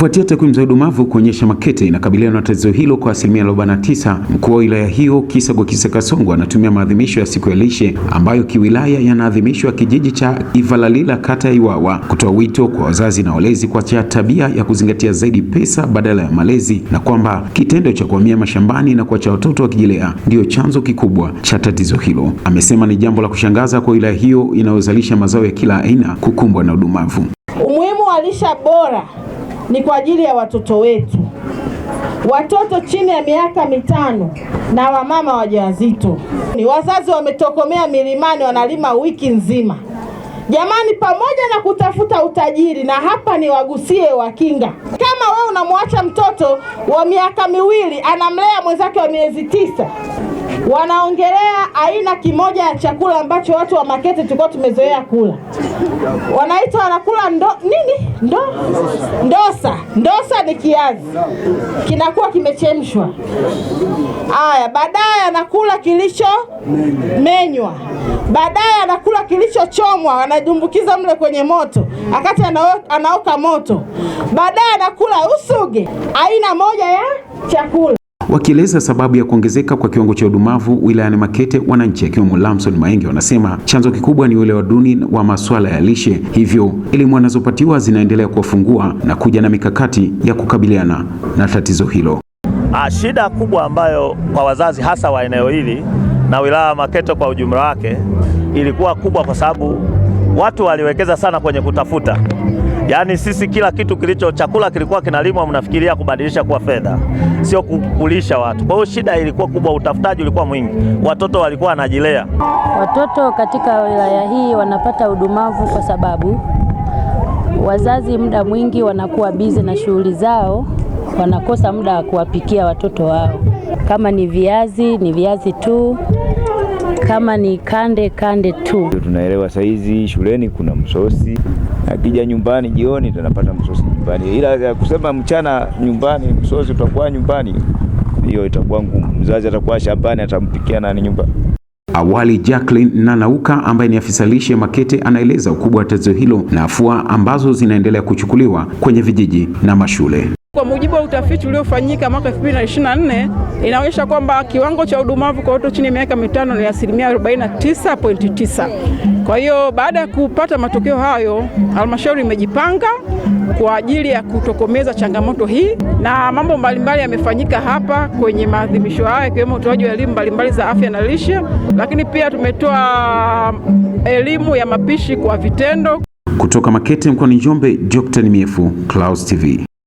Kufuatia takwimu za udumavu kuonyesha Makete inakabiliana na tatizo hilo kwa asilimia 49, mkuu wa wilaya hiyo kisa kwa kisa Kasongo anatumia maadhimisho ya siku ya lishe ambayo kiwilaya yanaadhimishwa kijiji cha Ivalalila kata ya Iwawa kutoa wito kwa wazazi na walezi kuacha tabia ya kuzingatia zaidi pesa badala ya malezi, na kwamba kitendo cha kuhamia mashambani na kuacha watoto wakijilea ndiyo chanzo kikubwa cha tatizo hilo. Amesema ni jambo la kushangaza kwa wilaya hiyo inayozalisha mazao ya kila aina kukumbwa na udumavu. Umuhimu wa lisha bora ni kwa ajili ya watoto wetu, watoto chini ya miaka mitano na wamama wajawazito. Ni wazazi wametokomea milimani, wanalima wiki nzima. Jamani, pamoja na kutafuta utajiri, na hapa ni wagusie Wakinga, kama wewe unamwacha mtoto wa miaka miwili anamlea mwenzake wa miezi tisa wanaongelea aina kimoja ya chakula ambacho watu wa Makete tulikuwa tumezoea kula, wanaita wanakula ndo, nini ndo, ndosa. Ndosa ni kiazi kinakuwa kimechemshwa. Haya, baadaye anakula kilicho menywa, baadaye anakula kilichochomwa, anadumbukiza mle kwenye moto, akati anaoka moto, baadaye anakula usuge, aina moja ya chakula. Wakieleza sababu ya kuongezeka kwa kiwango cha udumavu wilayani Makete, wananchi akiwemo Lamson Maenge wanasema chanzo kikubwa ni uelewa duni wa masuala ya lishe, hivyo elimu wanazopatiwa zinaendelea kuwafungua na kuja na mikakati ya kukabiliana na tatizo hilo. Ah, shida kubwa ambayo kwa wazazi hasa wa eneo hili na wilaya Makete kwa ujumla wake ilikuwa kubwa kwa sababu watu waliwekeza sana kwenye kutafuta Yaani sisi kila kitu kilicho chakula kilikuwa kinalimwa, mnafikiria kubadilisha kuwa fedha, sio kukulisha watu. Kwa hiyo shida ilikuwa kubwa, utafutaji ulikuwa mwingi, watoto walikuwa wanajilea. Watoto katika wilaya hii wanapata udumavu kwa sababu wazazi muda mwingi wanakuwa bizi na shughuli zao, wanakosa muda wa kuwapikia watoto wao. Kama ni viazi, ni viazi tu kama ni kande kande tu. Tunaelewa saizi shuleni kuna msosi, akija nyumbani jioni tunapata msosi nyumbani, ila ya kusema mchana nyumbani msosi utakuwa nyumbani, hiyo itakuwa ngumu. Mzazi atakuwa shambani, atampikia nani nyumbani? Awali Jacqueline Nanauka ambaye ni afisa lishe Makete anaeleza ukubwa wa tatizo hilo na afua ambazo zinaendelea kuchukuliwa kwenye vijiji na mashule. Kwa mujibu wa utafiti uliofanyika mwaka 2024 inaonyesha kwamba kiwango cha udumavu kwa watoto chini ya miaka mitano ni asilimia 49.9. Kwa hiyo baada ya kupata matokeo hayo, halmashauri imejipanga kwa ajili ya kutokomeza changamoto hii, na mambo mbalimbali yamefanyika hapa kwenye maadhimisho haya, ikiwemo utoaji wa elimu mbalimbali za afya na lishe, lakini pia tumetoa elimu ya mapishi kwa vitendo. Kutoka Makete mkoani Njombe, Joctan Myefu, Clouds TV.